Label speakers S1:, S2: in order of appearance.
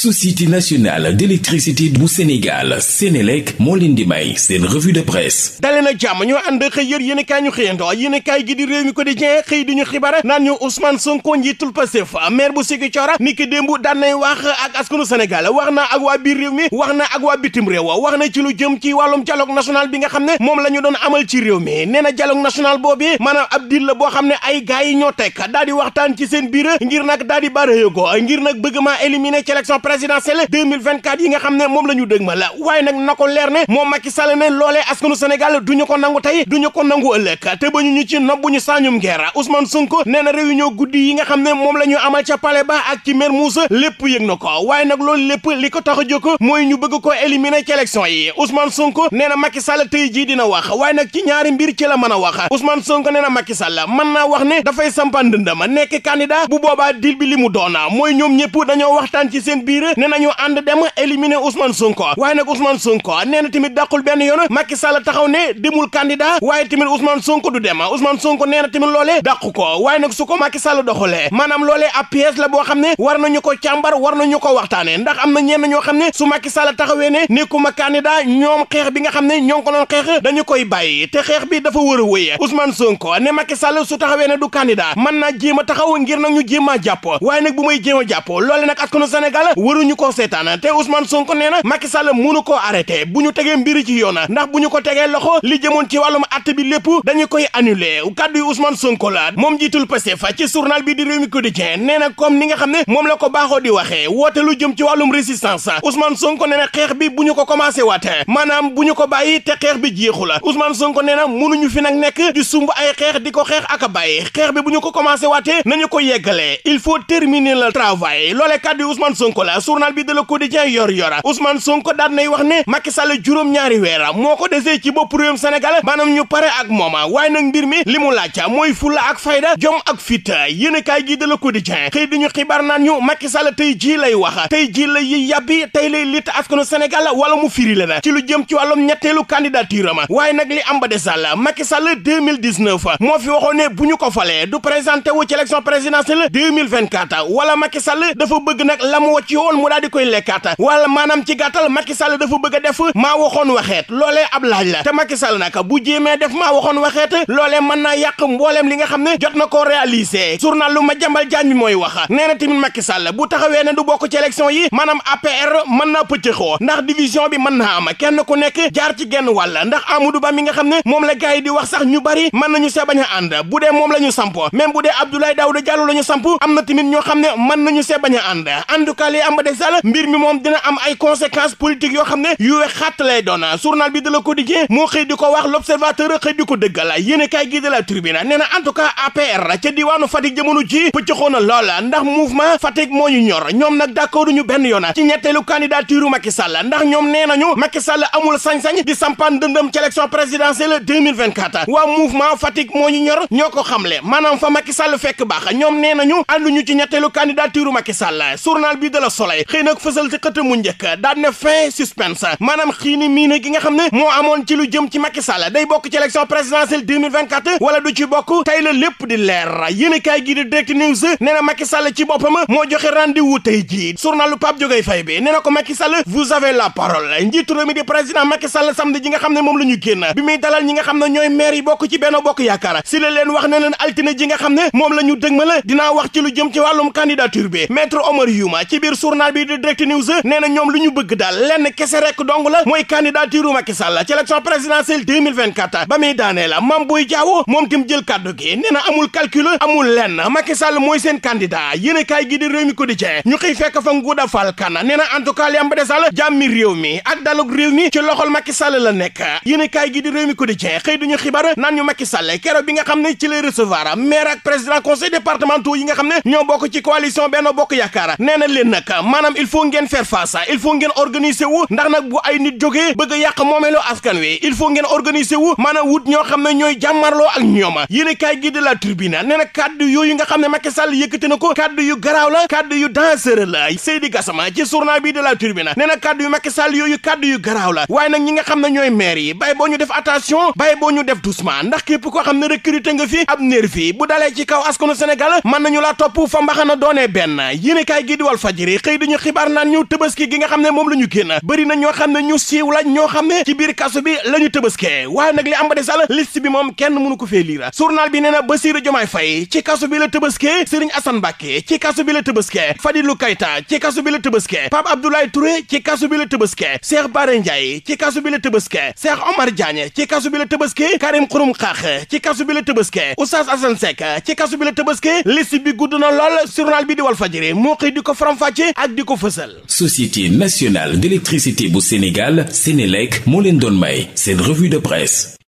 S1: société nationale d'électricité bu Sénégal Sénélec moo leen di may seen revue de presse dalee nag jàmm ñoo ànd xëy yër yéen i ñu xëyandoo yéen i kaay gi di réew mi ko di jen xëy di ñu xibaar naan ñu Ousmane Sonko njiitul Pastef maire bu Ziguinchor niki démb daan nay wax ak askanu Sénégal wax na ak waa biir réew mi wax na ak waa bitim réew wax na ci lu jëm ci wàllum dialogue national bi nga xam ne moom la ñu doon amal ci réew mi nee na dialogue national boobu maanaam ab dil la boo présidentielle 2024 yi nga xam ne moom la ñu dëgmal waaye nag na ko moom Macky ne loolee askanu Sénégal du ñu ko nangu tey du ñu ko nangu ëllëg te ba ñu ñu ci nobbu ñu sañum guerre Ousmane Sonko nee na réunion guddi yi nga xam ne moom la ñu amal ca Palais ba ak ci Mermoz lépp yëg na waaye nag loolu lépp li ko tax a jóg mooy ñu bëgg ko éliminer ci yi Ousmane Sonko nee na Macky la mën a naa wax ne dafay sampa ndëndam nekk candidat biir ne nañu ànd dem éliminer Ousmane Sonko waaye nag Ousmane Sonko nee na tamit dàqul benn yoon Macky Sall taxaw ne demul candidat waaye tamit Ousmane Sonko du dem Ousmane Sonko nee na tamit loolee dàqu ko waaye nag su ko Macky Sall doxalee maanaam loolee ab la boo xam ne war nañu ko càmbar war nañu ko waxtaane ndax am na ñenn ñoo xam ne su Macky Sall taxawee ne nekkuma candidat ñoom xeex bi nga xam ne ñoom ko doon xeex dañu koy bàyyi te xeex bi dafa wër a wëy Ousmane Sonko ne Macky Sall su taxawee ne du candidat mën naa jéem a taxaw ngir nag ñu jéem a jàpp waaye nag bu may jéem a jàpp loole nag askanu Sénégal waruñu ko seetaan te Ousmane Sonko nee na Macky Sall mënu koo arrêté bu ñu tegee mbiri ci yoon ndax bu ñu ko tegee loxo li jëmoon ci wàllum àtte bi lépp dañu koy annulé kàddu yu Ousmane Sonko la moom jiitul Pastef ci journal bi di Rewmi Quotidien nee na comme ni nga xam ne moom la ko baxoo di waxee woote lu jëm ci wàllum a Ousmane Sonko nee na xeex bi bu ñu ko commencé waate maanaam bu ñu ko bàyyi te xeex bi jeexu la Ousmane Sonko nee na mënuñu fi nag nekk sumb ay xeex di ko xeex ak a xeex bi bu ñu ko commencé waate nañu ko yeggalee il faut terminer le travail loolee kàddu yu Ousmane Sonko la journal bi de Le Quotidien yor yora Ousmane Sonko daan nay wax ne Macky Sall juróom-ñaari weera moo ko desee ci bopp réewum Sénégal maanaam ñu pare ak mooma waaye nag mbir mi li mu laaj a mooy fulla ak fayda jom ak fit yéen kaay gi de Le Quotidien xëy diñu xibaar naan ñu Macky Sall tey ji lay wax tey ji lay yi tey lay lit askanu Sénégal wala mu firi la ci lu jëm ci wàllum ñetteelu candidature ma waaye nag li am ba desal Macky Sall 2019 moo fi waxoon ne bu ñu ko falee du présenté wu ci élection présidentielle 2024 wala Macky Sall dafa bëgg nag la mu wàcc woon mu daal di koy lekkaata wala maanaam ci gàttal Macky Sall dafa bëgg a def maa waxoon waxeet loolee ab laaj la te Macky na nag bu jéemee def ma waxoon waxeet loolee mën naa yàq mbooleem li nga xam ne jot na koo réaliser journal lu ma jàmbal jaan bi mooy wax nee na tamit Macky Sall bu taxawee ne du bokk ci élection yi maanaam APR mën naa pëccëxoo ndax division bi mën naa am kenn ku nekk jaar ci genn wàll ndax Amadou Ba mi nga xam ne moom la gars yi di wax sax ñu bari mën nañu see bañ a ànd bu moom la ñu samp même bu dee Abdoulaye Daouda Diallo la ñu samp am na tamit ñoo xam ne mën nañu see bañ Macky Sall mbir mi moom dina am ay conséquences politiques yoo xam ne yu we xatt lay doon journal bi a Le Quotidien moo xëy di ko wax L'Observateur xëy di ko dëggal yéen a kaay gi de La Tribune nee na en tout cas APR ca diwaanu Fatick jamono ji pëccëxoon na lool ndax mouvement Fatick moo ñu ñor ñoom nag d'accord ñu benn yoon ci ñetteelu candidature Macky Sall ndax ñoom nee nañu Macky Sall amul sañ-sañ di sampan dëndëm ci élection présidentielle 2024 waa mouvement Fatick moo ñu ñor ñoo ko xamle maanaam fa Macky Sall fekk baax ñoom nee nañu ànduñu ci ñetteelu candidature Macky Sall journal bi de la soleil xëy nag fësal ci xëta njëkk daan na fin suspense maanaam xiini miina gi nga xam ne moo amoon ci lu jëm ci Macky Sall day bokk ci élection présidentielle la lépp di leer yéenekaay gi di Direct News nee na Macky Sall moo joxe rendez-vous tey jii journalu Pape Diogaye Faye na ko Macky moom la ñu génn bi muy dalal ñi nga xam ne ñooy maire yi bokk ci Benno Bokk Yaakaar si la leen wax ne leen altine ji nga xam ne moom la ñu dëgmal dinaa wax ci lu jëm ci wàllum candidature bi maître Omar Youma ci biir journal bi ñoom lu ñu bëgg daal lenn kese rek dong la mooy candidature Macky Sall ci élection présidentielle 2024 ba muy daanee la Mame Boye Diao moom tim jël kàddu gi nee na amul calcul amul lenn Macky Sall mooy seen candidat yéen kaay gi di réew mi quotidien ñu xëy fekk fa Ngouda Fall Kane nee na en tout cas li am ba ak dalug réew mi ci loxol Macky la nekk yéen kaay gi di réew mi quotidien xëy duñu xibaar naan ñu Macky Sall keroog bi nga xam ne ci lay recevoir maire ak président conseil départementaux yi nga xam ne ñoo bokk ci coalition Bokk Yaakaar nee na leen nag voilà maanaam il faut ngeen faire face il faut ngeen organiser wu ndax na bu ay nit jógee bëgg a yàq moomeelu askan wi il faut ngeen organiser wu maanaam wut ñoo xam ne ñooy jàmmarloo ak ñooma yéen a kaay gi de la tribune nee na kàddu yooyu nga xam ne Macky Sall yëkkati na ko kàddu yu garaaw la kàddu yu dangereux la Seydi Gassama ci journal bi de la tribune ne na kàddu yu Macky Sall yooyu kàddu yu garaaw la waaye nag ñi nga xam ne ñooy maire yi bàyyi boo ñu def attention bàyyi boo ñu def doucement ndax képp koo xam ne recruté nga fi ab nervi fii bu dalee ci kaw askanu Sénégal mën nañu laa topp fa mbaxana doonee benn yéen a kaay gi di Walf xëy dañu xibaar naan ñu tëbaski gi nga xam ne moom la ñu génn bëri na ñoo xam ne ñu siiw la ñoo xam ne ci biir kaso bi la ñu tëbaskee waaye nag li am ba desal liste bi moom kenn mënu ko fee liira journal bi nee na Bassirou Diomaye Faye ci kaso bi la tëbaskee Serigne Assane Mbacké ci kaso bi la tëbaskee Fadilou Keita ci kaso bi la tëbaskee Pape Abdoulaye Touré ci kaso bi la tëbaskee Cheikh Bara Ndiaye ci kaso bi la tëbaskee Cheikh Omar Diagne ci kaso bi la tëbaskee Karim Xurum Xax ci kaso bi la tëbaskee Oustaz Assane Seck ci kaso bi la tëbaskee liste bi gudd na bi di Walfadjri moo xëy di ko faram-fàccee ak ko fësal. Société nationale d'électricité bu Sénégal Sénélec moo leen doon may seen revue de presse.